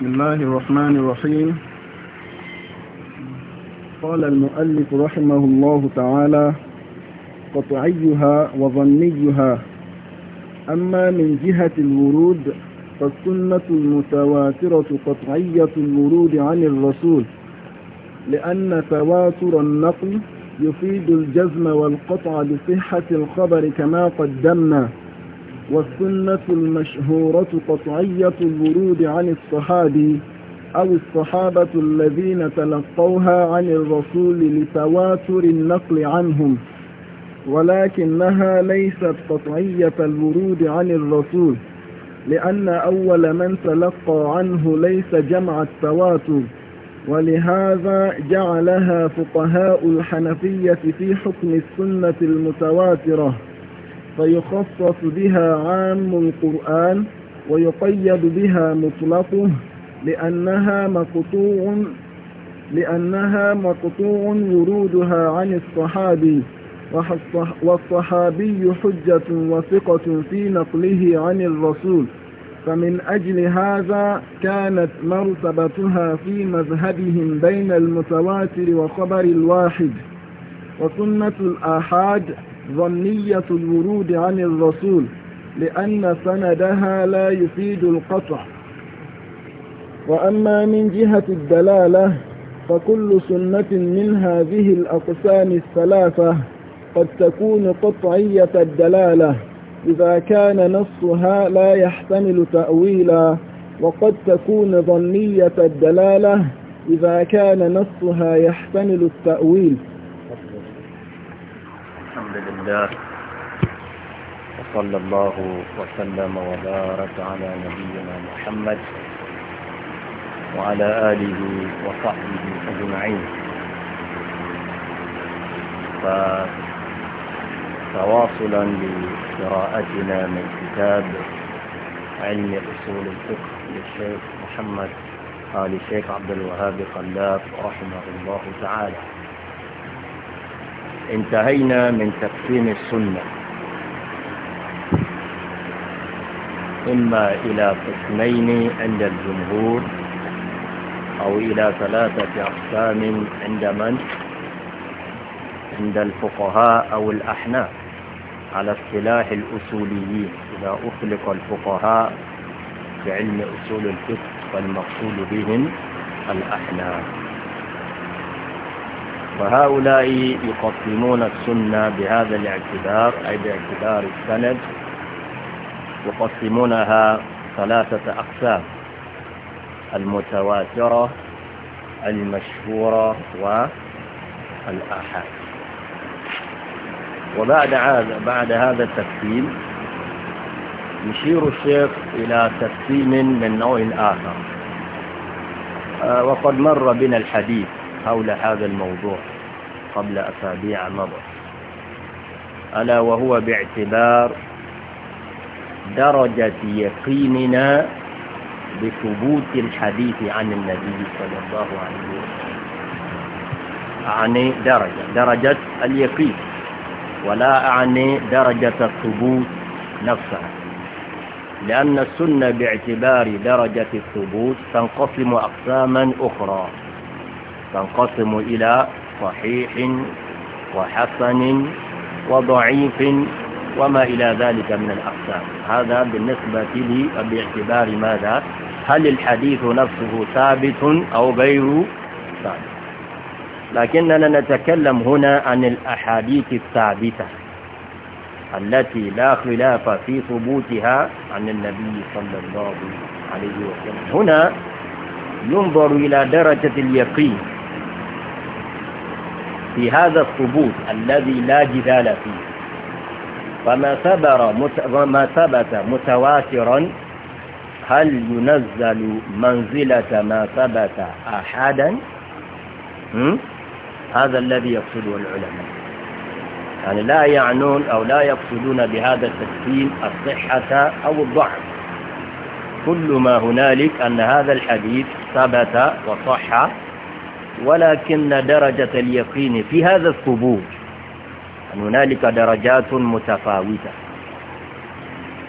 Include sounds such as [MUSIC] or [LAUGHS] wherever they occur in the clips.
بسم الله الرحمن الرحيم قال المؤلف رحمه الله تعالى قطعيها وظنيها أما من جهة الورود فالسنة المتواترة قطعية الورود عن الرسول لأن تواتر النقل يفيد الجزم والقطع بصحة الخبر كما قدمنا والسنة المشهورة قطعية الورود عن الصحابي أو الصحابة الذين تلقوها عن الرسول لتواتر النقل عنهم ولكنها ليست قطعية الورود عن الرسول لأن أول من تلقى عنه ليس جمع التواتر ولهذا جعلها فقهاء الحنفية في حكم السنة المتواترة فيخصص بها عام القرآن ويقيد بها مطلقه لأنها مقطوع لأنها مقطوع يرودها عن الصحابي والصحابي حجة وثقة في نقله عن الرسول فمن أجل هذا كانت مرتبتها في مذهبهم بين المتواتر وخبر الواحد وسنة الآحاد ظنية الورود عن الرسول لأن سندها لا يفيد القطع وأما من جهة الدلالة فكل سنة من هذه الأقسام الثلاثة قد تكون قطعية الدلالة إذا كان نصها لا يحتمل تأويلا وقد تكون ظنية الدلالة إذا كان نصها يحتمل التأويل الحمد لله وصلى الله وسلم وبارك على نبينا محمد وعلى آله وصحبه أجمعين فتواصلا لقراءتنا من كتاب علم أصول الفقه للشيخ محمد آل الشيخ عبد الوهاب خلاف رحمه الله تعالى انتهينا من تقسيم السنة إما إلى قسمين عند الجمهور أو إلى ثلاثة أقسام عند من؟ عند الفقهاء أو الأحناف على اصطلاح الأصوليين إذا أطلق الفقهاء بعلم أصول الفقه فالمقصود بهم الأحناف فهؤلاء يقسمون السنة بهذا الاعتبار أي باعتبار السند يقسمونها ثلاثة أقسام المتواترة المشهورة والآحاد وبعد هذا بعد هذا التقسيم يشير الشيخ إلى تقسيم من نوع آخر آه، وقد مر بنا الحديث حول هذا الموضوع قبل أسابيع مضت ألا وهو باعتبار درجة يقيننا بثبوت الحديث عن النبي صلى الله عليه وسلم أعني درجة درجة اليقين ولا أعني درجة الثبوت نفسها لأن السنة باعتبار درجة الثبوت تنقسم أقساما أخرى تنقسم إلى صحيح وحسن وضعيف وما إلى ذلك من الأقسام هذا بالنسبة لي باعتبار ماذا هل الحديث نفسه ثابت أو غير ثابت لكننا نتكلم هنا عن الأحاديث الثابتة التي لا خلاف في ثبوتها عن النبي صلى الله عليه وسلم هنا ينظر إلى درجة اليقين في هذا الثبوت الذي لا جدال فيه فما ثبر وما ثبت متواترا هل ينزل منزلة ما ثبت أحدا هذا الذي يقصده العلماء يعني لا يعنون أو لا يقصدون بهذا التكفين الصحة أو الضعف كل ما هنالك أن هذا الحديث ثبت وصح ولكن درجة اليقين في هذا الثبوت أن هنالك درجات متفاوتة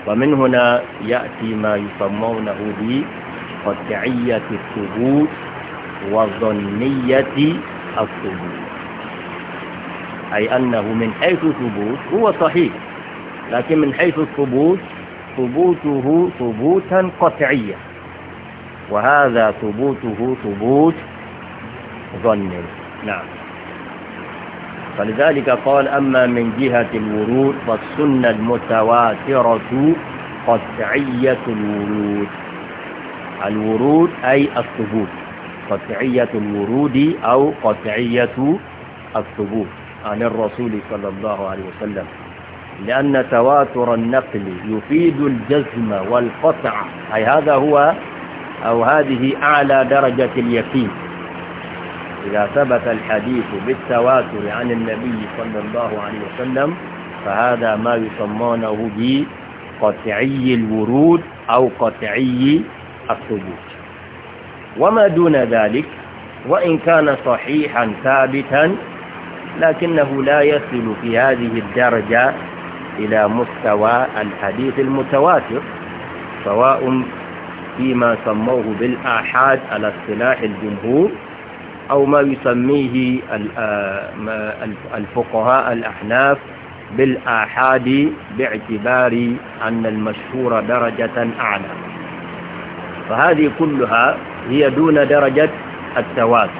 ومن هنا يأتي ما يسمونه بقطعية الثبوت وظنية الثبوت أي أنه من حيث ثبوت هو صحيح لكن من حيث الثبوت ثبوته ثبوتا قطعيا وهذا ثبوته ثبوت ظن نعم فلذلك قال أما من جهة الورود فالسنة المتواترة قطعية الورود الورود أي الثبوت قطعية الورود أو قطعية الثبوت عن الرسول صلى الله عليه وسلم لأن تواتر النقل يفيد الجزم والقطع أي هذا هو أو هذه أعلى درجة اليقين إذا ثبت الحديث بالتواتر عن النبي صلى الله عليه وسلم فهذا ما يسمونه بقطعي الورود أو قطعي الثبوت وما دون ذلك وإن كان صحيحا ثابتا لكنه لا يصل في هذه الدرجة إلى مستوى الحديث المتواتر سواء فيما سموه بالآحاد على اصطلاح الجمهور أو ما يسميه آه، الفقهاء الأحناف بالآحاد باعتبار أن المشهور درجة أعلى فهذه كلها هي دون درجة التواتر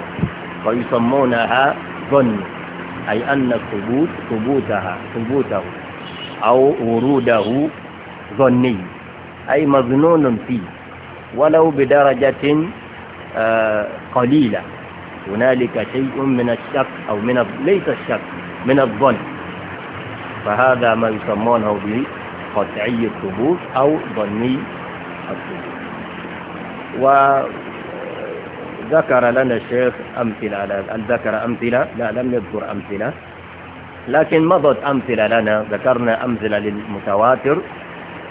ويسمونها ظن أي أن الثبوت ثبوتها ثبوته أو وروده ظني أي مظنون فيه ولو بدرجة آه، قليلة هنالك شيء من الشك أو من ال... ليس الشك من الظن فهذا ما يسمونه بقطعي الثبوت أو ظني الثبوت وذكر لنا الشيخ أمثلة على ذكر أمثلة لا لم يذكر أمثلة لكن مضت أمثلة لنا ذكرنا أمثلة للمتواتر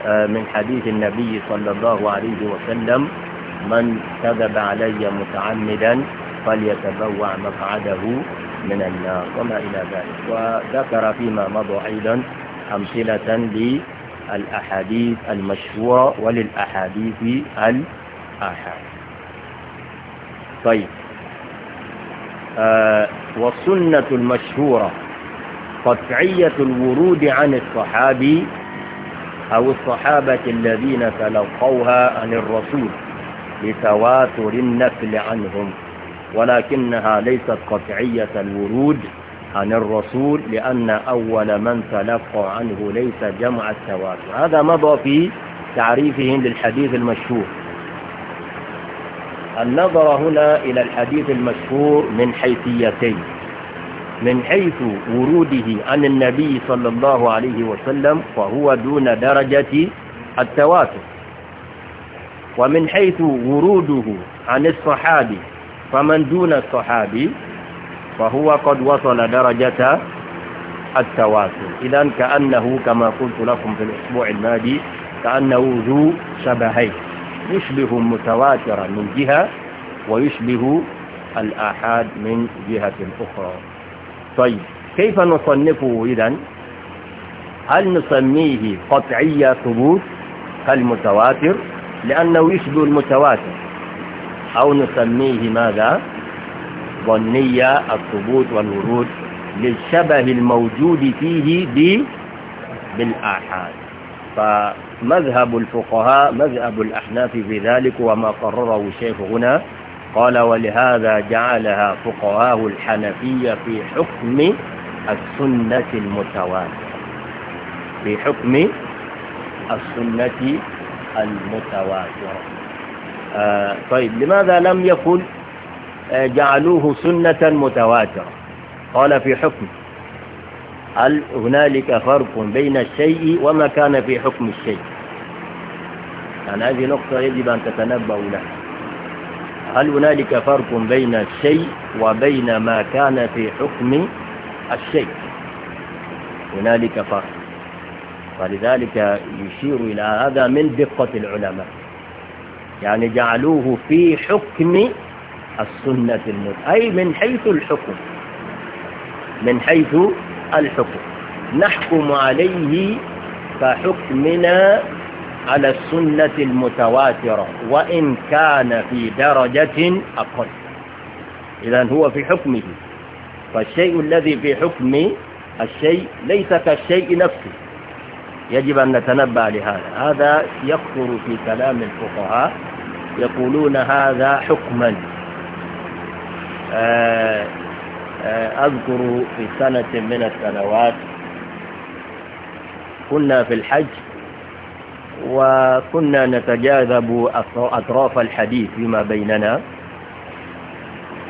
آه، من حديث النبي صلى الله عليه وسلم من كذب علي متعمدا فليتبوع مقعده من النار وما إلى ذلك وذكر فيما مضى أيضا أمثلة للأحاديث المشهورة وللأحاديث الأحاد طيب آه والسنة المشهورة قطعية الورود عن الصحابي أو الصحابة الذين تلقوها عن الرسول لتواتر النفل عنهم ولكنها ليست قطعية الورود عن الرسول لأن أول من تلقى عنه ليس جمع التواتر هذا مضى في تعريفهم للحديث المشهور النظر هنا إلى الحديث المشهور من حيثيتين من حيث وروده عن النبي صلى الله عليه وسلم فهو دون درجة التواتر ومن حيث وروده عن الصحابي فمن دون الصحابي فهو قد وصل درجة التواصل إذا كأنه كما قلت لكم في الأسبوع الماضي كأنه ذو شبهين يشبه متواترا من جهة ويشبه الآحاد من جهة أخرى طيب كيف نصنفه إذا هل نسميه قطعية ثبوت كالمتواتر لأنه يشبه المتواتر أو نسميه ماذا ظنية الثبوت والورود للشبه الموجود فيه بالآحاد فمذهب الفقهاء مذهب الأحناف في ذلك وما قرره الشيخ هنا قال ولهذا جعلها فقهاء الحنفية في حكم السنة المتواترة في حكم السنة المتواترة آه، طيب لماذا لم يكن آه، جعلوه سنة متواترة قال في حكم هل هنالك فرق بين الشيء وما كان في حكم الشيء يعني هذه نقطة يجب أن تتنبأ لها هل هنالك فرق بين الشيء وبين ما كان في حكم الشيء هنالك فرق ولذلك يشير إلى هذا من دقة العلماء يعني جعلوه في حكم السنة المت أي من حيث الحكم من حيث الحكم نحكم عليه كحكمنا على السنة المتواترة وإن كان في درجة أقل إذا هو في حكمه فالشيء الذي في حكم الشيء ليس كالشيء نفسه يجب أن نتنبه لهذا هذا يكثر في كلام الفقهاء يقولون هذا حكما آه، آه، أذكر في سنة من السنوات كنا في الحج وكنا نتجاذب أطراف الحديث فيما بيننا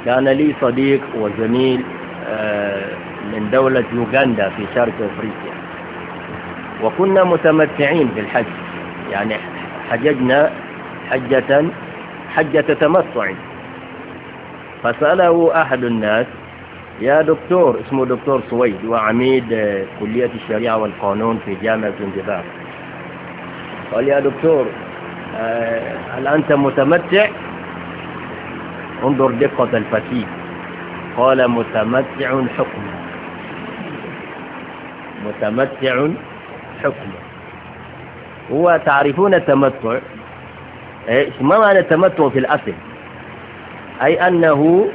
كان لي صديق وزميل آه، من دولة يوغندا في شرق أفريقيا وكنا متمتعين بالحج يعني حججنا حجة حجة تمتع فسأله أحد الناس يا دكتور اسمه دكتور سويد وعميد كلية الشريعة والقانون في جامعة انتباه قال يا دكتور آه، هل أنت متمتع انظر دقة الفتيل قال متمتع حكم متمتع الحكم هو تعرفون التمتع إيه، ما معنى التمتع في الأصل أي أنه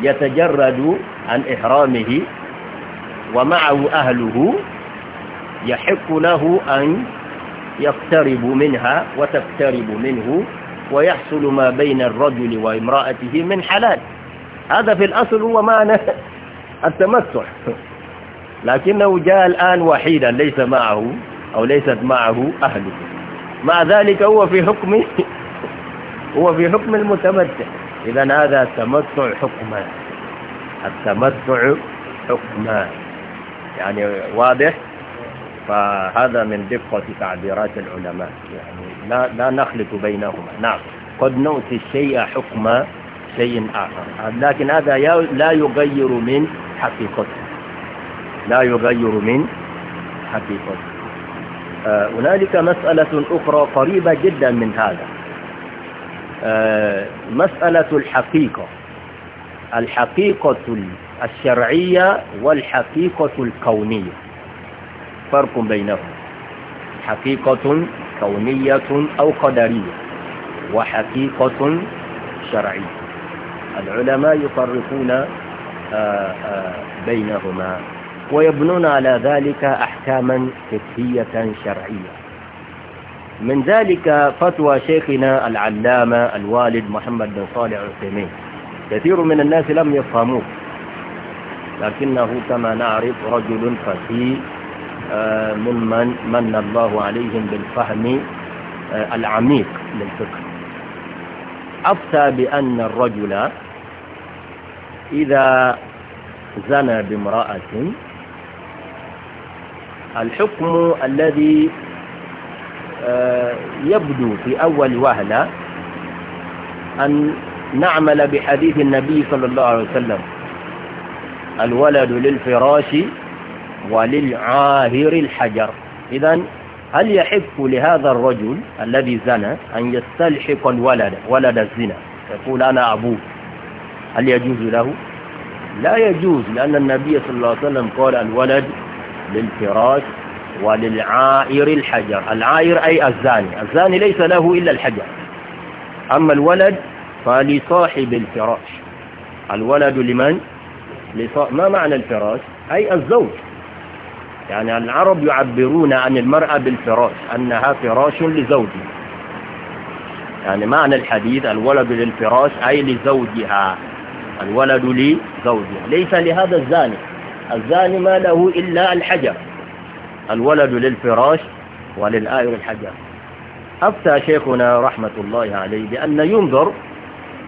يتجرد عن إحرامه ومعه أهله يحق له أن يقترب منها وتقترب منه ويحصل ما بين الرجل وامرأته من حلال هذا في الأصل هو معنى [LAUGHS] التمتع لكنه جاء الآن وحيدا ليس معه أو ليست معه أهله مع ذلك هو في حكم [LAUGHS] هو في حكم المتمتع إذا هذا التمتع حكما التمتع حكما يعني واضح فهذا من دقة تعبيرات العلماء يعني لا, لا نخلط بينهما نعم قد نؤتي الشيء حكم شيء آخر لكن هذا لا يغير من حقيقته لا يغير من حقيقته آه، هنالك مسألة أخرى قريبة جدا من هذا آه، مسألة الحقيقة الحقيقة الشرعية والحقيقة الكونية فرق بينهم حقيقة كونية أو قدرية وحقيقة شرعية العلماء يفرقون آه، بينهما ويبنون على ذلك أحكاما فقهية شرعية من ذلك فتوى شيخنا العلامة الوالد محمد بن صالح العثيمين كثير من الناس لم يفهموه لكنه كما نعرف رجل فقيه ممن آه، من الله عليهم بالفهم آه، العميق للفقه أفتى بأن الرجل إذا زنى بامرأة الحكم الذي آه، يبدو في أول وهلة أن نعمل بحديث النبي صلى الله عليه وسلم الولد للفراش وللعاهر الحجر إذا هل يحق لهذا الرجل الذي زنى أن يستلحق الولد ولد الزنا يقول أنا أبوه هل يجوز له لا يجوز لأن النبي صلى الله عليه وسلم قال الولد للفراش وللعائر الحجر العائر أي الزاني الزاني ليس له إلا الحجر أما الولد فلصاحب الفراش الولد لمن؟ ما معنى الفراش؟ أي الزوج يعني العرب يعبرون عن المرأة بالفراش أنها فراش لزوجها يعني معنى الحديث الولد للفراش أي لزوجها الولد لزوجها ليس لهذا الزاني الزاني ما له إلا الحجر الولد للفراش وللآئر الحجر أفتى شيخنا رحمة الله عليه بأن ينظر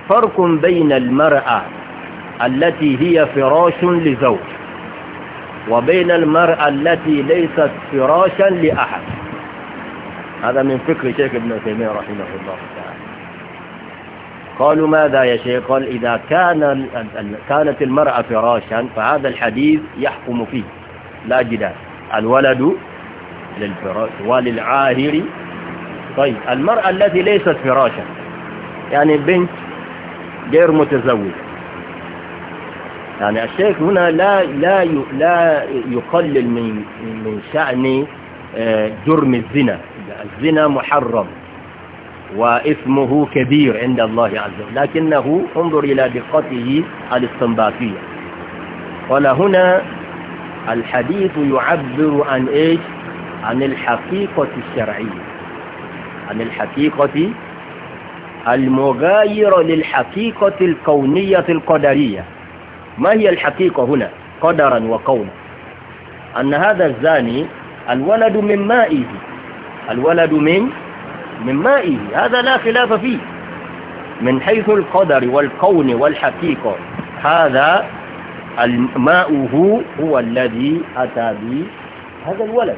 فرق بين المرأة التي هي فراش لزوج وبين المرأة التي ليست فراشا لأحد هذا من فكر شيخ ابن تيمية رحمه الله تعالى قالوا ماذا يا شيخ قال إذا كان كانت المرأة فراشا فهذا الحديث يحكم فيه لا جدال الولد للفراش وللعاهر طيب المرأة التي ليست فراشا يعني بنت غير متزوجة يعني الشيخ هنا لا لا لا يقلل من من شأن آه، جرم الزنا الزنا محرم واسمه كبير عند الله عز وجل لكنه انظر إلى دقته الاستنباطية قال هنا الحديث يعبر عن إيش عن الحقيقة الشرعية عن الحقيقة المغايرة للحقيقة الكونية القدرية ما هي الحقيقة هنا قدرا وكونا أن هذا الزاني الولد من مائه الولد من من مائه هذا لا خلاف فيه من حيث القدر والكون والحقيقة هذا ماؤه هو الذي أتى به هذا الولد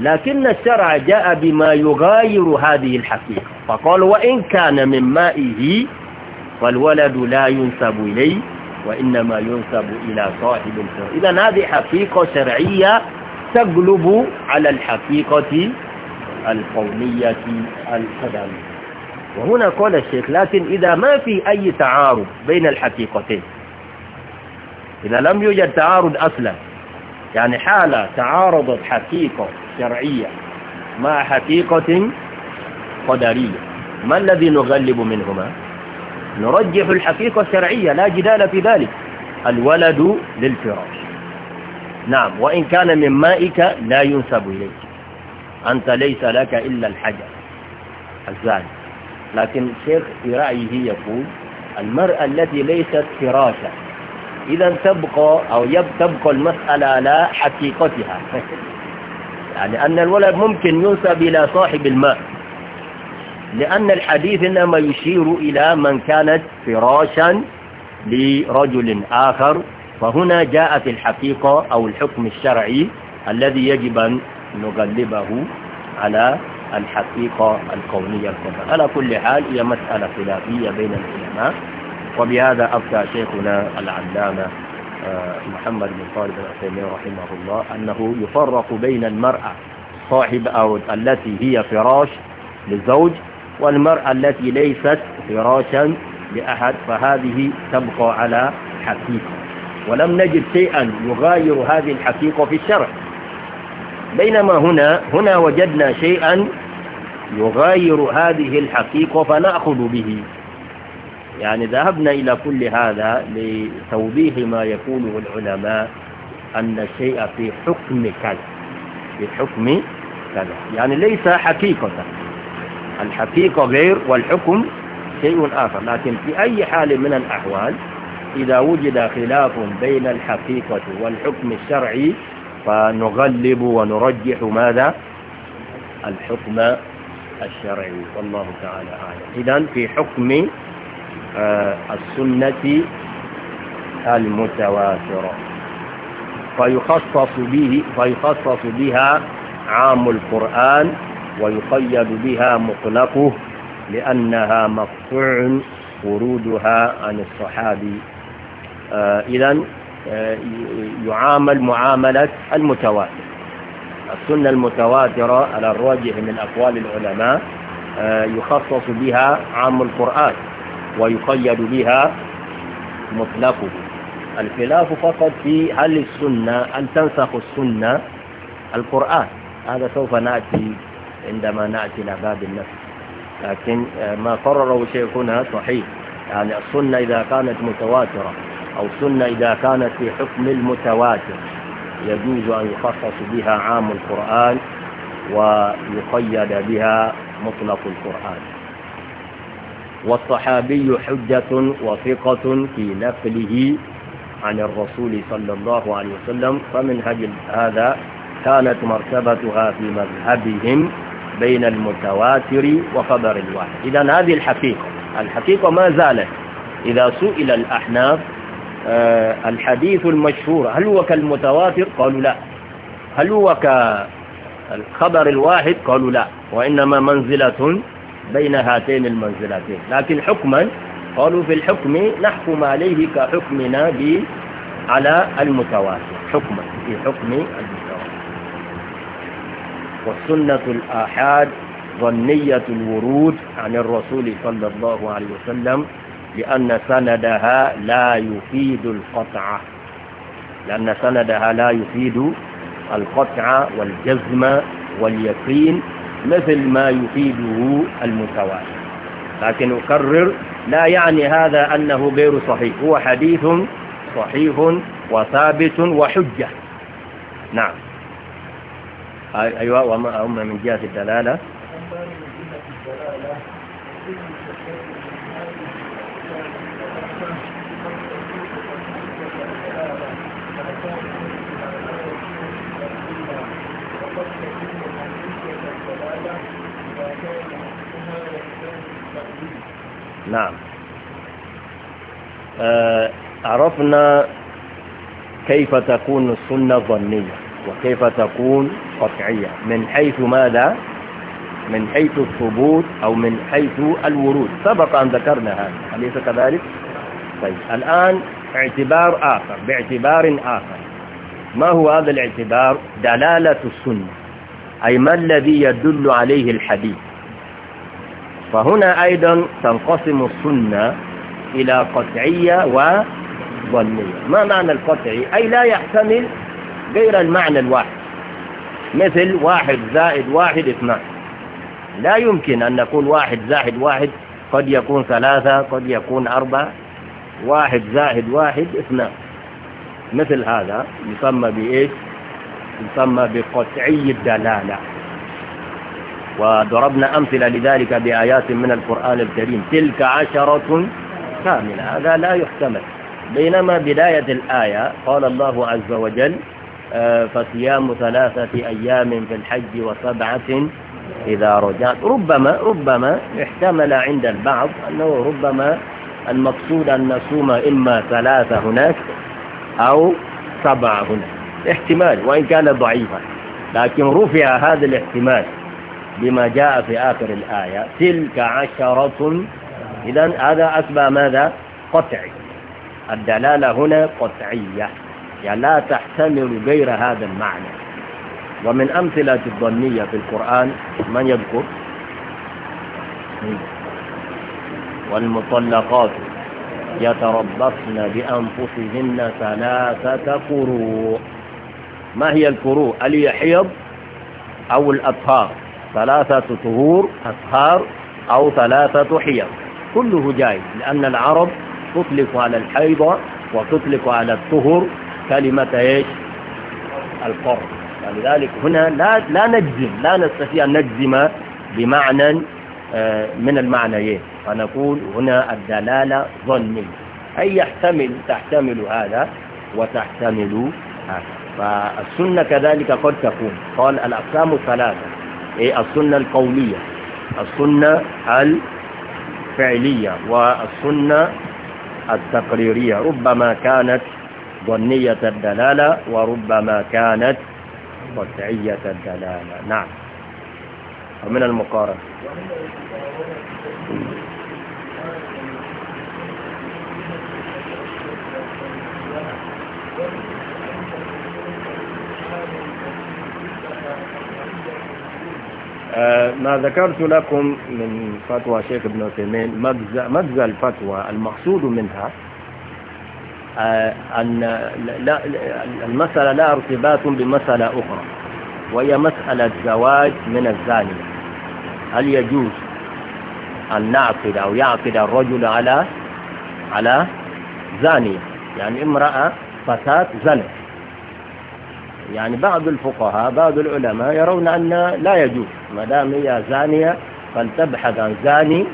لكن الشرع جاء بما يغاير هذه الحقيقة فقال وإن كان من مائه فالولد لا ينسب إليه وإنما ينسب إلى صاحب الفرع إذا هذه حقيقة شرعية تغلب على الحقيقة القومية القدم وهنا قال الشيخ لكن إذا ما في أي تعارض بين الحقيقتين إذا لم يوجد تعارض أصلا يعني حالة تعارضت حقيقة شرعية مع حقيقة قدرية ما الذي نغلب منهما نرجح الحقيقة الشرعية لا جدال في ذلك الولد للفراش نعم وإن كان من مائك لا ينسب إليك أنت ليس لك إلا الحجر الزاني لكن الشيخ في رأيه يقول المرأة التي ليست فراشا إذا تبقى أو يب تبقى المسألة على حقيقتها [LAUGHS] يعني أن الولد ممكن ينسب إلى صاحب الماء لأن الحديث إنما يشير إلى من كانت فراشا لرجل آخر فهنا جاءت الحقيقة أو الحكم الشرعي الذي يجب أن نغلبه على الحقيقة الكونية الكبرى على كل حال هي مسألة خلافية بين العلماء وبهذا أفتى شيخنا العلامة آه، محمد بن صالح العثيمين رحمه الله أنه يفرق بين المرأة صاحب أو التي هي فراش للزوج والمرأة التي ليست فراشا لأحد فهذه تبقى على حقيقة ولم نجد شيئا يغاير هذه الحقيقة في الشرع بينما هنا هنا وجدنا شيئا يغاير هذه الحقيقة فنأخذ به يعني ذهبنا إلى كل هذا لتوضيح ما يقوله العلماء أن الشيء في حكم كذا في حكم كذا يعني ليس حقيقة الحقيقة غير والحكم شيء آخر لكن في أي حال من الأحوال إذا وجد خلاف بين الحقيقة والحكم الشرعي فنغلب ونرجح ماذا الحكم الشرعي والله تعالى أعلم إذا في حكم آه، السنة المتواترة فيخصص به فيخصص بها عام القرآن ويقيد بها مطلقه لأنها مقطوع ورودها عن الصحابي آه، اذن آه، يعامل معاملة المتواتر السنة المتواترة على الراجح من أقوال العلماء آه، يخصص بها عام القرآن ويقيد بها مطلقه الخلاف فقط في هل السنة هل تنسخ السنة القرآن هذا سوف نأتي عندما نأتي إلى باب النفس لكن آه، ما قرره شيخنا صحيح يعني السنة إذا كانت متواترة أو سنة إذا كانت في حكم المتواتر يجوز أن يخصص بها عام القرآن ويقيد بها مطلق القرآن والصحابي حجة وثقة في نفله عن الرسول صلى الله عليه وسلم فمن هجل هذا كانت مرتبتها في مذهبهم بين المتواتر وخبر الواحد إذا هذه الحقيقة الحقيقة ما زالت إذا سئل الأحناف آه، الحديث المشهور هل هو كالمتواتر قالوا لا هل هو كالخبر الواحد قالوا لا وإنما منزلة بين هاتين المنزلتين لكن حكما قالوا في الحكم نحكم عليه كحكمنا ب على المتواتر حكما في حكم المتواتر والسنة الآحاد ظنية الورود عن الرسول صلى الله عليه وسلم لأن سندها لا يفيد القطع لأن سندها لا يفيد القطع والجزم واليقين مثل ما يفيده المتواتر لكن أكرر لا يعني هذا أنه غير صحيح هو حديث صحيح وثابت وحجة نعم أيوة وما من جهة الدلالة نعم آه، عرفنا كيف تكون السنة ظنية وكيف تكون قطعية من حيث ماذا من حيث الثبوت أو من حيث الورود سبق أن ذكرنا هذا أليس كذلك طيب الآن اعتبار آخر باعتبار آخر ما هو هذا الاعتبار دلالة السنة أي ما الذي يدل عليه الحديث فهنا أيضا تنقسم السنة إلى قطعية وظنية ما معنى القطعي أي لا يحتمل غير المعنى الواحد مثل واحد زائد واحد اثنان لا يمكن أن نقول واحد زائد واحد قد يكون ثلاثة قد يكون أربعة واحد زائد واحد اثنان مثل هذا يسمى بإيش يسمى بقطعي الدلالة وضربنا أمثلة لذلك بآيات من القرآن الكريم تلك عشرة كاملة هذا لا يحتمل بينما بداية الآية قال الله عز وجل آه، فصيام ثلاثة أيام في الحج وسبعة إذا رجعت ربما ربما احتمل عند البعض أنه ربما المقصود أن نصوم إما ثلاثة هناك أو سبعة هناك احتمال وإن كان ضعيفا لكن رفع هذا الاحتمال بما جاء في آخر الآية تلك عشرة إذا هذا أسبى ماذا قطعي الدلالة هنا قطعية يعني لا تحتمل غير هذا المعنى ومن أمثلة الظنية في القرآن من يذكر والمطلقات يتربصن بأنفسهن ثلاثة قروء ما هي القروء اليحيض أو الأطهار ثلاثة طهور أطهار أو ثلاثة حيض كله جائز لأن العرب تطلق على الحيضة وتطلق على الطهر كلمة إيش القر ولذلك هنا لا, لا نجزم لا نستطيع أن نجزم بمعنى آه، من المعنيين فنقول هنا الدلالة ظنية أي يحتمل تحتمل هذا وتحتمل هذا فالسنة كذلك قد تكون قال الأقسام ثلاثة إيه السنة القولية السنة الفعلية والسنة التقريرية ربما كانت ظنية الدلالة وربما كانت قطعية الدلالة نعم ومن المقارنة آه، ما ذكرت لكم من فتوى شيخ ابن عثيمين مجزى الفتوى المقصود منها آه، أن لا المسألة لا ارتباط بمسألة أخرى وهي مسألة زواج من الزانية هل يجوز أن نعقد أو يعقد الرجل على على زانية يعني امرأة فتاة زنت يعني بعض الفقهاء بعض العلماء يرون أن لا يجوز ما دام هي زانية فلتبحث عن زاني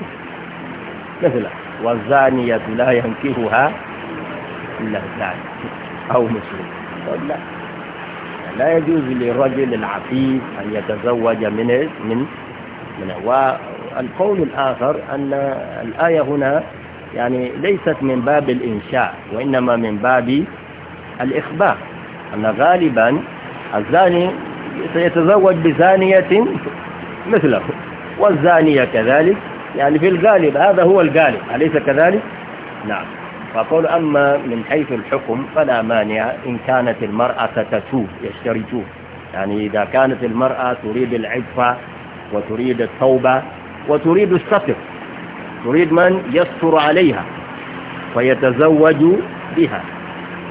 مثلا والزانية لا ينكهها إلا زاني أو مسلم لا لا يجوز للرجل العفيف أن يتزوج من من من والقول الآخر أن الآية هنا يعني ليست من باب الإنشاء وإنما من باب الإخبار أن غالبا الزاني سيتزوج بزانية مثله والزانية كذلك يعني في الغالب هذا هو الغالب أليس كذلك؟ نعم فقول أما من حيث الحكم فلا مانع إن كانت المرأة تتوب يشترطون يعني إذا كانت المرأة تريد العفة وتريد التوبة وتريد الستر تريد من يستر عليها فيتزوج بها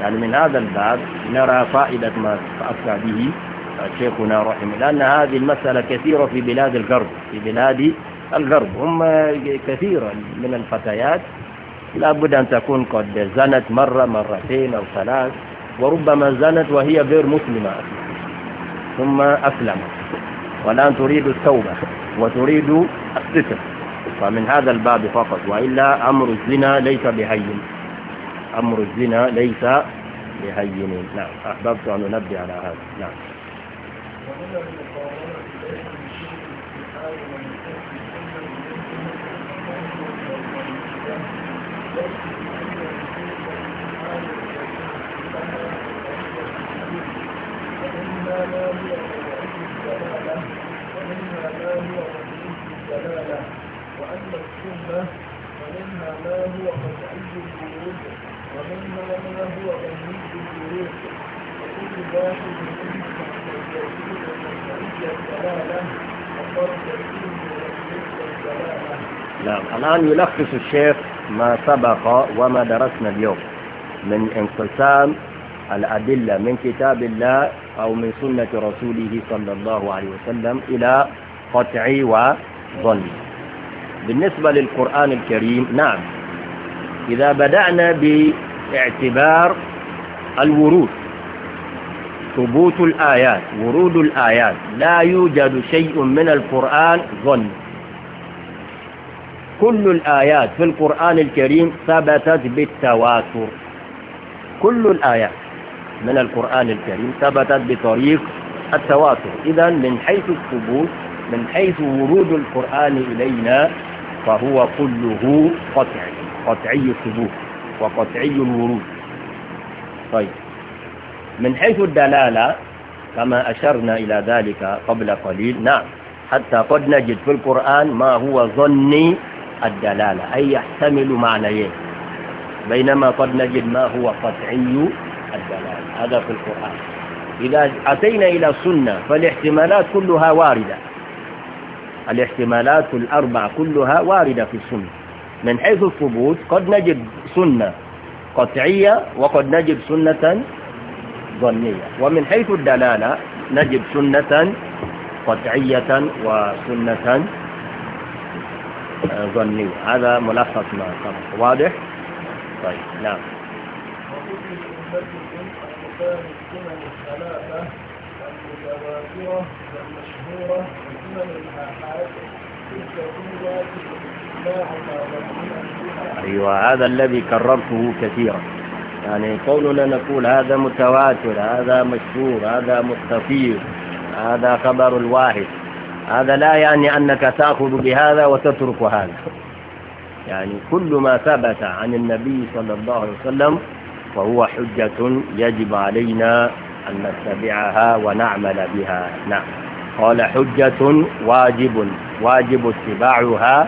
يعني من هذا الباب نرى فائدة ما تأتى به شيخنا رحمه لأن هذه المسألة كثيرة في بلاد الغرب في بلاد الغرب هم كثيرا من الفتيات لابد أن تكون قد زنت مرة مرتين أو ثلاث وربما زنت وهي غير مسلمة ثم أسلمت والآن تريد التوبة وتريد الستر فمن هذا الباب فقط وإلا أمر الزنا ليس بهين أمر الزنا ليس بهين نعم أحببت أن أنبه على هذا نعم وأما السنة فمنها ما هو قطعي الخروج هو وكل نعم الآن يلخص الشيخ ما سبق وما درسنا اليوم من انقسام الأدلة من كتاب الله أو من سنة رسوله صلى الله عليه وسلم إلى قطعي وظني بالنسبة للقرآن الكريم نعم إذا بدأنا باعتبار الورود ثبوت الآيات ورود الآيات لا يوجد شيء من القرآن ظن كل الآيات في القرآن الكريم ثبتت بالتواتر كل الآيات من القرآن الكريم ثبتت بطريق التواتر إذا من حيث الثبوت من حيث ورود القرآن إلينا فهو كله قطعي قطعي الثبوت وقطعي الورود طيب من حيث الدلالة كما أشرنا إلى ذلك قبل قليل نعم حتى قد نجد في القرآن ما هو ظني الدلالة أي يحتمل معنيين بينما قد نجد ما هو قطعي الدلالة هذا في القرآن إذا أتينا إلى السنة فالاحتمالات كلها واردة الاحتمالات الأربع كلها واردة في السنة من حيث الثبوت قد نجد سنة قطعية وقد نجد سنة ظنية ومن حيث الدلالة نجد سنة قطعية وسنة ظنية هذا ملخص ما سبق واضح؟ طيب نعم المتواترة والمشهورة من الآحاد تلك كلها أيوة هذا الذي كررته كثيرا يعني قولنا نقول هذا متواتر هذا مشهور هذا مستفيض هذا خبر الواحد هذا لا يعني أنك تأخذ بهذا وتترك هذا يعني كل ما ثبت عن النبي صلى الله عليه وسلم فهو حجة يجب علينا أن نتبعها ونعمل بها نعم قال حجة واجب واجب اتباعها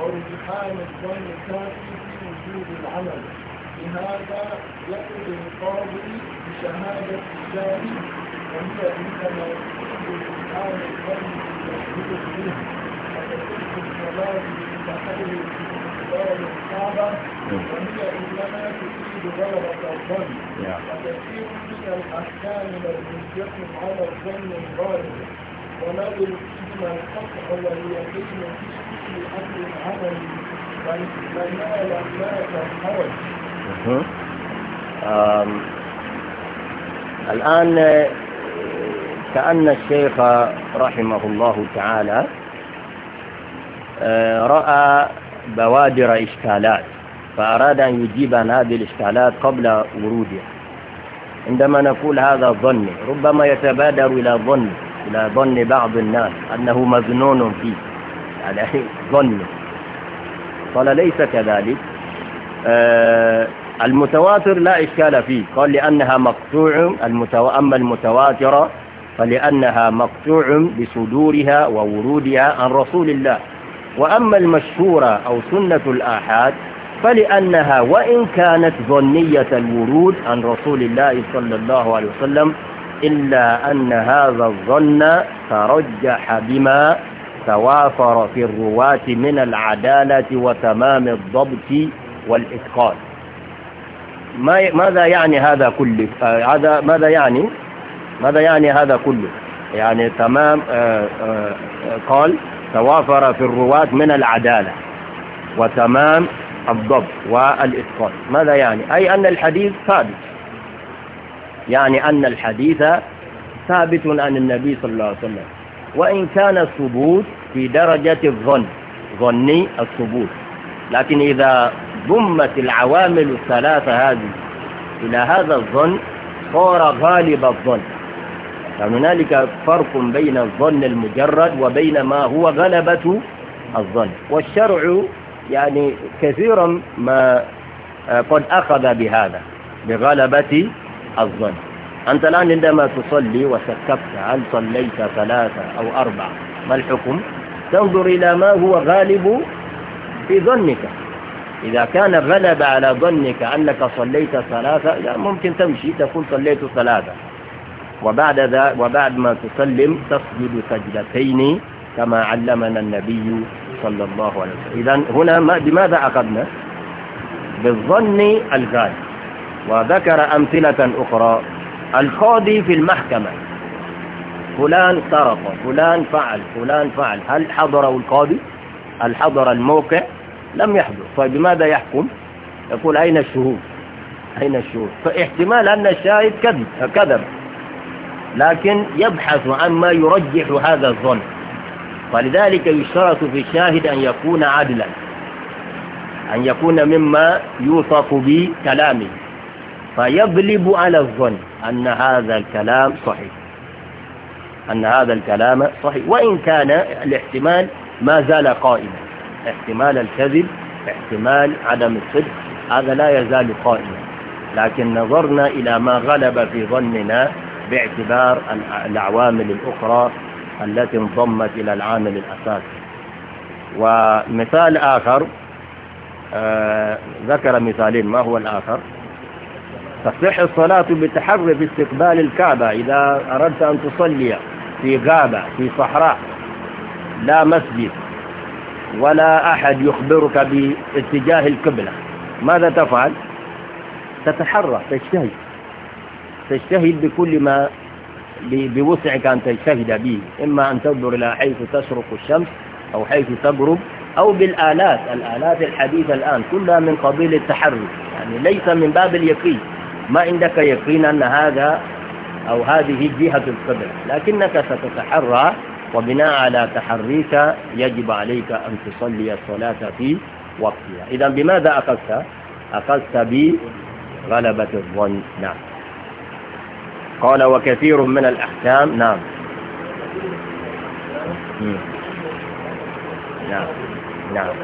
أو الظن كافي في وجود العمل لهذا يقضي القاضي بشهادة الجاري وهي عندما يكون امتحان الظن المشهود به فتكون الصلاة في الإسلام الصعبة وهي إنما تفيد غلبة الظن وكثير من الأحكام مرجية على الظن الغالب ولا يمكن القطع واليقين فيه الآن آه، كأن الشيخ رحمه الله تعالى آه، رأى بوادر إشكالات فأراد أن يجيب عن هذه الإشكالات قبل ورودها عندما نقول هذا ظني ربما يتبادر إلى ظن إلى ظن بعض الناس أنه مظنون فيه على [LAUGHS] ظنه قال ليس كذلك آه المتواتر لا إشكال فيه قال لأنها مقطوع المتو... أما المتواترة فلأنها مقطوع بصدورها وورودها عن رسول الله وأما المشهورة أو سنة الآحاد فلأنها وإن كانت ظنية الورود عن رسول الله صلى الله عليه وسلم إلا أن هذا الظن ترجح بما توافر في الرواة من العدالة وتمام الضبط والإتقان ما ماذا يعني هذا كله آه، هذا ماذا يعني ماذا يعني هذا كله يعني تمام آه، آه، قال توافر في الرواة من العدالة وتمام الضبط والإتقان ماذا يعني أي أن الحديث ثابت يعني أن الحديث ثابت عن النبي صلى الله عليه وسلم وإن كان الثبوت في درجة الظن ظني الثبوت لكن إذا ضمت العوامل الثلاثة هذه إلى هذا الظن صار غالب الظن فهنالك فرق بين الظن المجرد وبين ما هو غلبة الظن والشرع يعني كثيرا ما آه، قد أخذ بهذا بغلبة الظن أنت الآن عندما تصلي وسكبت هل صليت ثلاثة أو أربعة ما الحكم تنظر إلى ما هو غالب في ظنك إذا كان غلب على ظنك أنك صليت ثلاثة لا ممكن تمشي تقول صليت ثلاثة وبعد, ذا وبعد ما تسلم تسجد سجدتين كما علمنا النبي صلى الله عليه وسلم إذا هنا ما بماذا أخذنا بالظن الغالب وذكر أمثلة أخرى القاضي في المحكمة فلان سرق فلان فعل فلان فعل هل حضره القاضي هل حضر الموقع لم يحضر فبماذا طيب يحكم يقول أين الشهود أين الشهود فاحتمال أن الشاهد كذب كذب لكن يبحث عما يرجح هذا الظن فلذلك يشترط في الشاهد أن يكون عدلا أن يكون مما يوثق بكلامه فيغلب على الظن أن هذا الكلام صحيح أن هذا الكلام صحيح وإن كان الاحتمال ما زال قائما احتمال الكذب احتمال عدم الصدق هذا لا يزال قائما لكن نظرنا إلى ما غلب في ظننا باعتبار العوامل الأخرى التي انضمت إلى العامل الأساسي ومثال آخر آه ذكر مثالين ما هو الآخر؟ تصح الصلاة في استقبال الكعبة إذا أردت أن تصلي في غابة في صحراء لا مسجد ولا أحد يخبرك باتجاه القبلة ماذا تفعل؟ تتحرى تجتهد تجتهد بكل ما بوسعك أن تجتهد به إما أن تنظر إلى حيث تشرق الشمس أو حيث تغرب أو بالآلات الآلات الحديثة الآن كلها من قبيل التحرك يعني ليس من باب اليقين ما عندك يقين أن هذا أو هذه جهة القدر لكنك ستتحرى وبناء على تحريك يجب عليك أن تصلي الصلاة في وقتها إذا بماذا أخذت؟ أخذت بغلبة الظن نعم قال وكثير من الأحكام نعم نعم نعم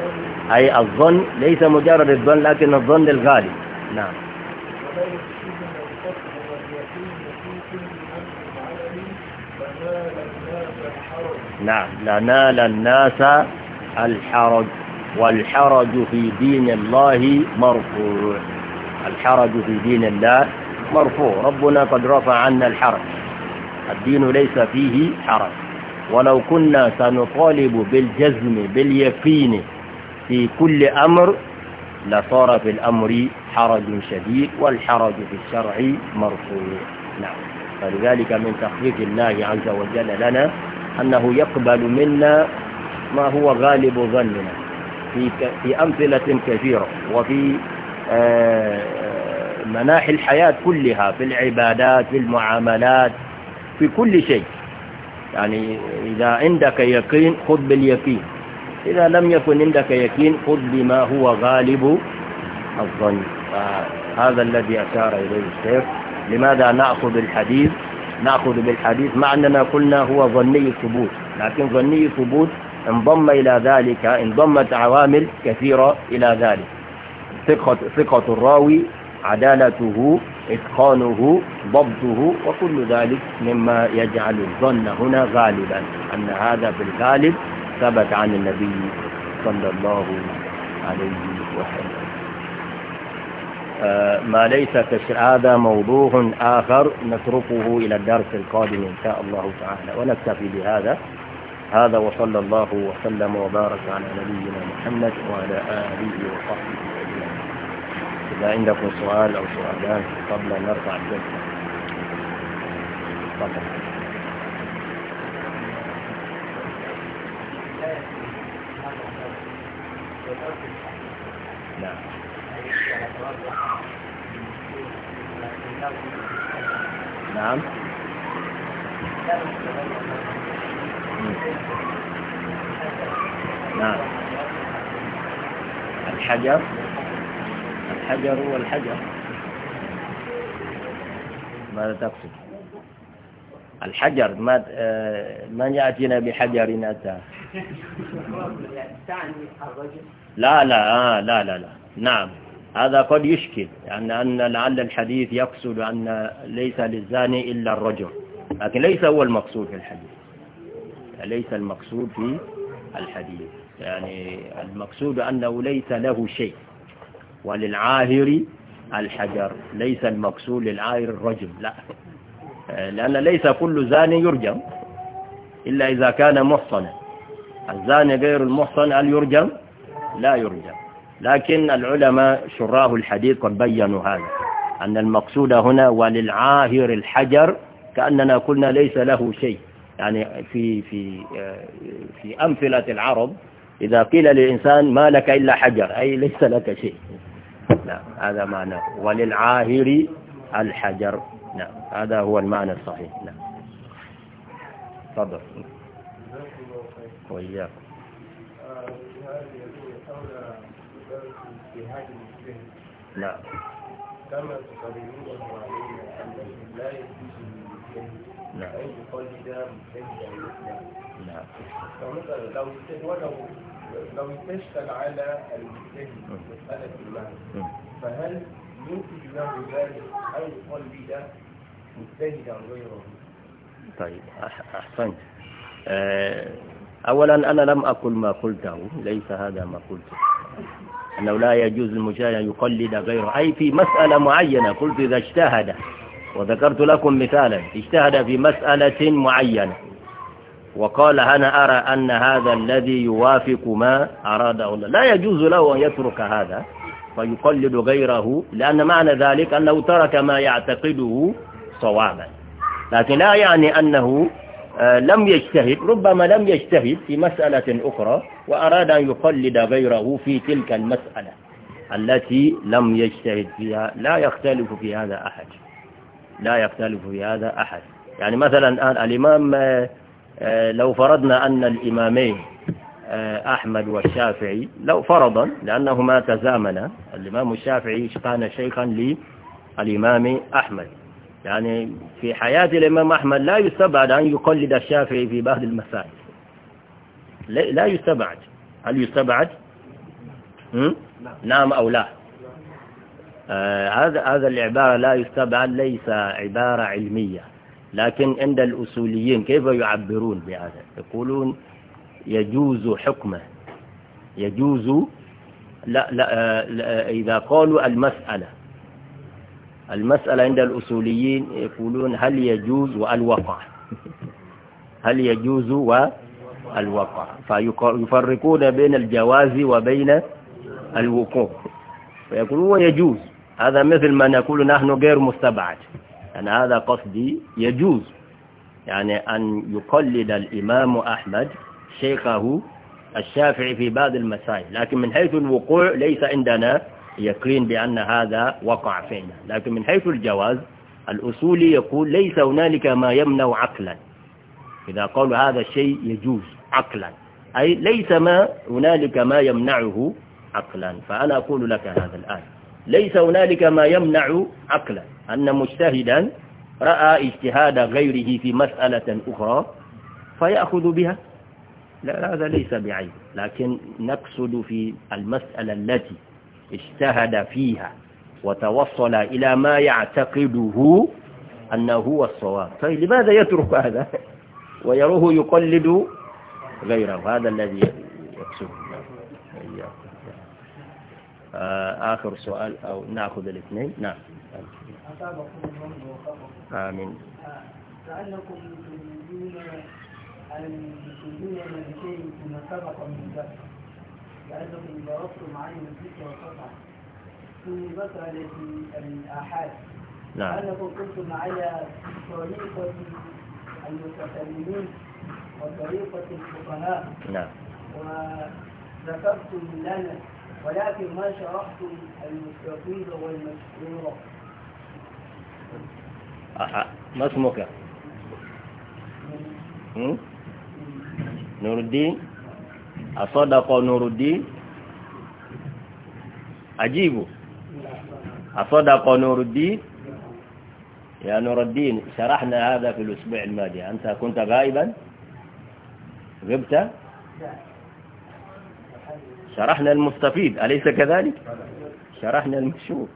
أي الظن ليس مجرد الظن لكن الظن الغالب نعم نعم لنال الناس الحرج والحرج في دين الله مرفوع الحرج في دين الله مرفوع ربنا قد رفع عنا الحرج الدين ليس فيه حرج ولو كنا سنطالب بالجزم باليقين في كل أمر لصار في الأمر حرج شديد والحرج في الشرع مرفوع نعم فلذلك من تخفيف الله عز وجل لنا أنه يقبل منا ما هو غالب ظننا في, في أمثلة كثيرة وفي آه، آه، مناحي الحياة كلها في العبادات في المعاملات في كل شيء يعني إذا عندك يقين خذ باليقين إذا لم يكن عندك يقين خذ بما هو غالب الظن هذا الذي أشار إليه الشيخ لماذا نأخذ الحديث نأخذ بالحديث مع أننا قلنا هو ظني الثبوت لكن ظني الثبوت انضم إلى ذلك انضمت عوامل كثيرة إلى ذلك ثقة, ثقة الراوي عدالته إتقانه ضبطه وكل ذلك مما يجعل الظن هنا غالبا أن هذا في الغالب ثبت عن النبي صلى الله عليه وسلم آه، ما ليس كشر هذا موضوع آخر نتركه إلى الدرس القادم إن شاء الله تعالى ونكتفي بهذا هذا وصلى الله وسلم وبارك على نبينا محمد وعلى آله وصحبه أجمعين إذا عندكم سؤال أو سؤالان قبل أن نرفع الجلسة تفضل نعم نعم نعم الحجر الحجر هو الحجر ماذا تقصد الحجر ما آه، من يأتينا بحجر أتى لا لا آه، لا لا لا نعم هذا قد يشكل يعني أن لعل الحديث يقصد أن ليس للزاني إلا الرجل لكن ليس هو المقصود في الحديث ليس المقصود في الحديث يعني المقصود أنه ليس له شيء وللعاهر الحجر ليس المقصود للعاهر الرجل لا لأن ليس كل زاني يرجم إلا إذا كان محصنا الزاني غير المحصن هل يرجم لا يرجم لكن العلماء شراه الحديث قد بينوا هذا أن المقصود هنا وللعاهر الحجر كأننا قلنا ليس له شيء يعني في, في, في أمثلة العرب إذا قيل للإنسان ما لك إلا حجر أي ليس لك شيء نعم هذا معناه وللعاهر الحجر نعم هذا هو المعنى الصحيح نعم تفضل وإياكم آه، بهذه نعم كما تقررون علينا أنه لا يجوز للمجتهد نعم أن يقلد مجتهدا مثلا نعم فمثلا لو ولو لو استشكل على المجتهد مسألة المعنى فهل ينتج له ذلك أن يقلد مجتهدا غيره؟ طيب أحسنت آه، أولا أنا لم أقل ما قلته ليس هذا ما قلته أنه لا يجوز للمجتهد أن يقلد غيره أي في مسألة معينة قلت إذا اجتهد وذكرت لكم مثالا اجتهد في مسألة معينة وقال أنا أرى أن هذا الذي يوافق ما أراده الله لا يجوز له أن يترك هذا فيقلد غيره لأن معنى ذلك أنه ترك ما يعتقده صوابا لكن لا يعني أنه آه، لم يجتهد ربما لم يجتهد في مسألة أخرى وأراد أن يقلد غيره في تلك المسألة التي لم يجتهد فيها لا يختلف في هذا أحد لا يختلف في هذا أحد يعني مثلا الآن الإمام آه، آه، لو فرضنا أن الإمامين أحمد والشافعي لو فرضا لأنهما تزامنا الإمام الشافعي كان شيخا للإمام أحمد يعني في حياة الإمام أحمد لا يستبعد أن يقلد الشافعي في بعض المسائل لا يستبعد هل يستبعد نعم أو لا آه، هذا آه هذا العبارة لا يستبعد ليس عبارة علمية لكن عند الأصوليين كيف يعبرون بهذا يقولون يجوز حكمه يجوز لا, لا آه، آه، إذا قالوا المسألة المسألة عند الأصوليين يقولون هل يجوز والوقع هل يجوز والوقع فيفرقون بين الجواز وبين الوقوع فيقولون يجوز هذا مثل ما نقول نحن غير مستبعد أنا يعني هذا قصدي يجوز يعني أن يقلد الإمام أحمد شيخه الشافعي في بعض المسائل لكن من حيث الوقوع ليس عندنا يقين بأن هذا وقع فعلا لكن من حيث الجواز الأصولي يقول ليس هنالك ما يمنع عقلا إذا قالوا هذا الشيء يجوز عقلا أي ليس ما هنالك ما يمنعه عقلا فأنا أقول لك هذا الآن ليس هنالك ما يمنع عقلا أن مجتهدا رأى اجتهاد غيره في مسألة أخرى فيأخذ بها لا هذا ليس بعيب لكن نقصد في المسألة التي اجتهد فيها وتوصل إلى ما يعتقده أنه هو الصواب طيب لماذا يترك هذا ويروه يقلد غيره هذا الذي يكسب آه، آخر سؤال أو نأخذ الاثنين نعم آمين كأنكم تريدون أن تكونوا ملكين كما سبق من ذلك لأنكم ضربتم عن المسيح والقطع في مسألة الآحاد نعم أنكم كنتم على طريقة المتكلمين وطريقة الفقهاء نعم وذكرتم لنا ولكن ما شرحتم المستفيد والمشهور ما اسمك؟ نعم. نور الدين أصدق نور الدين أجيبوا أصدق نور الدين يا نور الدين شرحنا هذا في الأسبوع الماضي أنت كنت غائبا غبت شرحنا المستفيد أليس كذلك شرحنا المشهور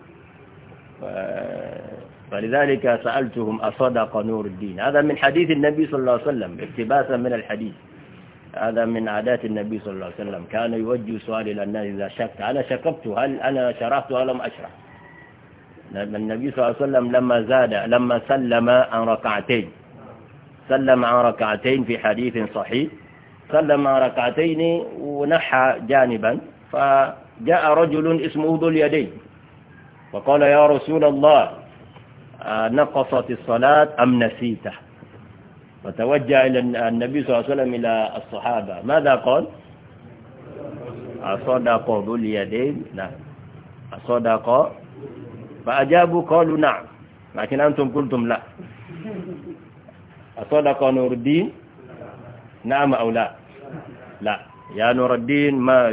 فلذلك سألتهم أصدق نور الدين هذا من حديث النبي صلى الله عليه وسلم اقتباسا من الحديث هذا من عادات النبي صلى الله عليه وسلم كان يوجه سؤال إلى الناس إذا شكت أنا شكبت هل أنا شرحت لم أشرح النبي صلى الله عليه وسلم لما زاد لما سلم عن ركعتين سلم عن ركعتين في حديث صحيح سلم عن ركعتين ونحى جانبا فجاء رجل اسمه ذو اليدين فقال يا رسول الله آه، نقصت الصلاة أم نسيته وتوجه إلى النبي صلى الله عليه وسلم إلى الصحابة ماذا قال أصدق ذو اليدين نعم أصدق فأجابوا قالوا نعم لكن أنتم قلتم لا أصدق نور الدين نعم أو لا لا يا نور الدين ما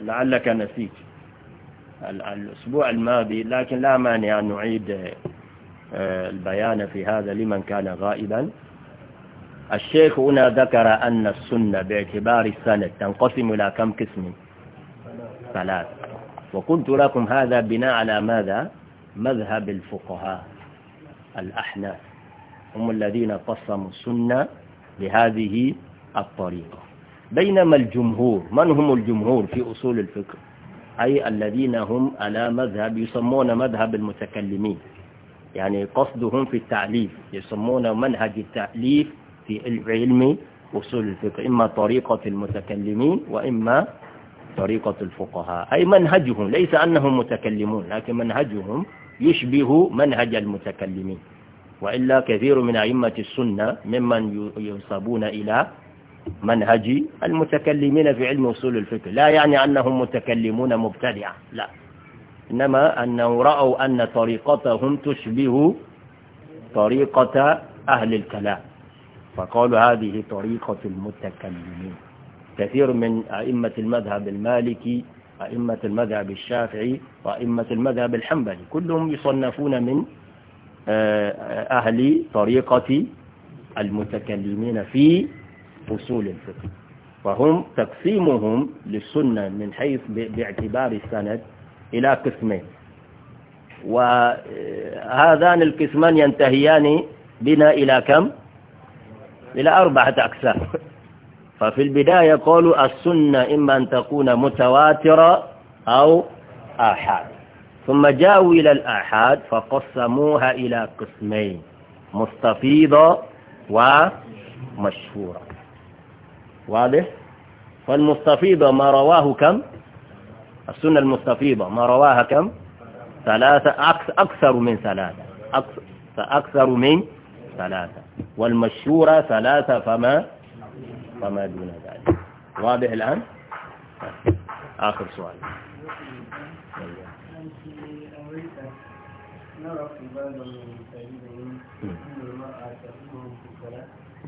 لعلك نسيت الأسبوع الماضي لكن لا مانع أن نعيد آه، البيان في هذا لمن كان غائبا الشيخ هنا ذكر أن السنة باعتبار السند تنقسم إلى كم قسم ثلاث وقلت لكم هذا بناء على ماذا مذهب الفقهاء الأحناف هم الذين قسموا السنة بهذه الطريقة بينما الجمهور من هم الجمهور في أصول الفقه أي الذين هم على مذهب يسمون مذهب المتكلمين يعني قصدهم في التعليف يسمون منهج التعليف في علم أصول الفقه إما طريقة المتكلمين وإما طريقة الفقهاء أي منهجهم ليس أنهم متكلمون لكن منهجهم يشبه منهج المتكلمين وإلا كثير من أئمة السنة ممن ينسبون إلى منهج المتكلمين في علم أصول الفقه لا يعني أنهم متكلمون مبتدعة لا إنما أنه رأوا أن طريقتهم تشبه طريقة أهل الكلام فقالوا هذه طريقة المتكلمين كثير من أئمة المذهب المالكي أئمة المذهب الشافعي وأئمة المذهب الحنبلي كلهم يصنفون من آه، آه، أهل طريقة المتكلمين في أصول الفقه فهم تقسيمهم للسنة من حيث باعتبار السند إلى قسمين وهذان القسمان ينتهيان بنا إلى كم؟ إلى أربعة أقسام ففي البداية قالوا السنة إما أن تكون متواترة أو آحاد ثم جاءوا إلى الآحاد فقسموها إلى قسمين مستفيضة ومشهورة واضح فالمستفيضة ما رواه كم السنة المستفيضة ما رواها كم ثلاثة أكثر من ثلاثة أكثر من ثلاثة والمشهورة ثلاثة فما فما دون ذلك واضح الآن آخر سؤال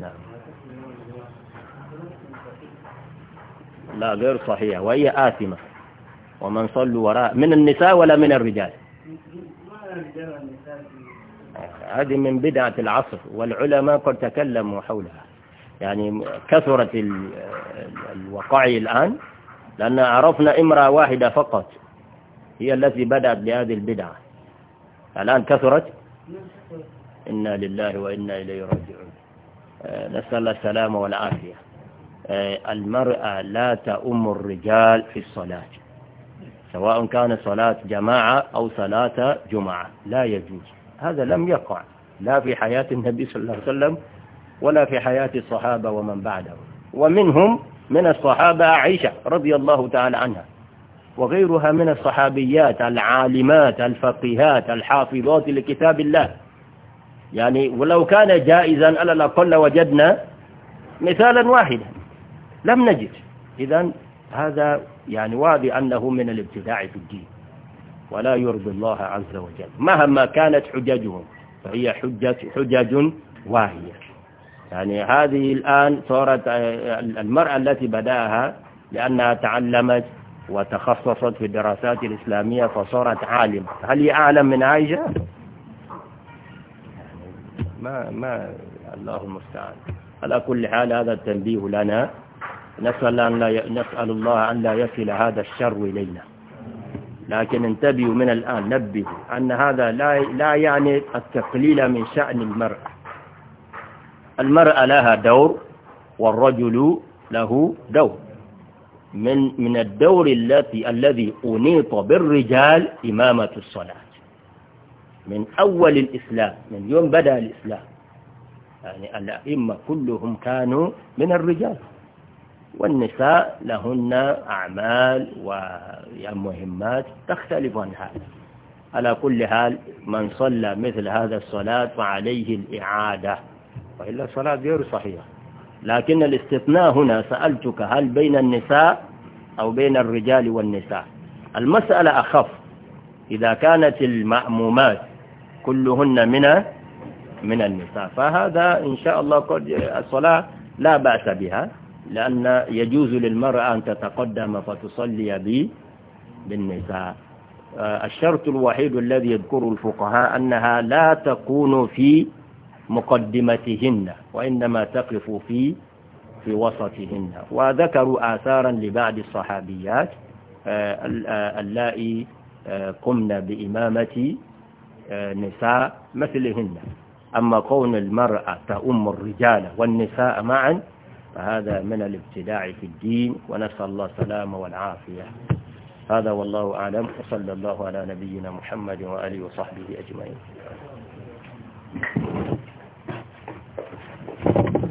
نعم لا غير صحيح وهي آثمة ومن صلوا وراء من النساء ولا من الرجال؟ الرجال والنساء هذه من بدعة العصر والعلماء قد تكلموا حولها يعني كثرت الوقائع الآن لأن عرفنا امرأة واحدة فقط هي التي بدأت بهذه البدعة الآن كثرت إنا لله وإنا إليه راجعون آه، نسأل الله السلامة والعافية آه، المرأة لا تأم الرجال في الصلاة سواء كان صلاة جماعة أو صلاة جمعة لا يجوز هذا لم يقع لا في حياة النبي صلى الله عليه وسلم ولا في حياة الصحابة ومن بعده ومنهم من الصحابة عائشة رضي الله تعالى عنها وغيرها من الصحابيات العالمات الفقيهات الحافظات لكتاب الله يعني ولو كان جائزا على الأقل وجدنا مثالا واحدا لم نجد إذا هذا يعني واضح أنه من الابتداع في الدين ولا يرضي الله عز وجل مهما كانت حججهم فهي حجة حجج واهية يعني هذه الآن صارت آه، المرأة التي بدأها لأنها تعلمت وتخصصت في الدراسات الإسلامية فصارت عالمة هل هي أعلم من عائشة؟ ما ما الله المستعان على كل حال هذا التنبيه لنا نسأل, أن لا ي... نسأل الله أن لا يصل هذا الشر إلينا لكن انتبهوا من الآن نبهوا أن هذا لا لا يعني التقليل من شأن المرأة المرأة لها دور والرجل له دور من من الدور التي الذي أنيط بالرجال إمامة الصلاة من أول الإسلام من يوم بدأ الإسلام يعني الأئمة كلهم كانوا من الرجال والنساء لهن أعمال ومهمات تختلف عن هذا على كل حال من صلى مثل هذا الصلاة فعليه الإعادة وإلا الصلاة غير صحيحة لكن الاستثناء هنا سألتك هل بين النساء أو بين الرجال والنساء المسألة أخف إذا كانت المأمومات كلهن من من النساء فهذا إن شاء الله الصلاة لا بأس بها لأن يجوز للمرأة أن تتقدم فتصلي به بالنساء آه، الشرط الوحيد الذي يذكره الفقهاء أنها لا تكون في مقدمتهن وإنما تقف في في وسطهن وذكروا آثارا لبعض الصحابيات آه، آه، اللائي قمنا بإمامة نساء مثلهن أما كون المرأة تأم الرجال والنساء معا فهذا من الابتداع في الدين ونسأل الله السلامه والعافية هذا والله أعلم وصلى الله على نبينا محمد وآله وصحبه أجمعين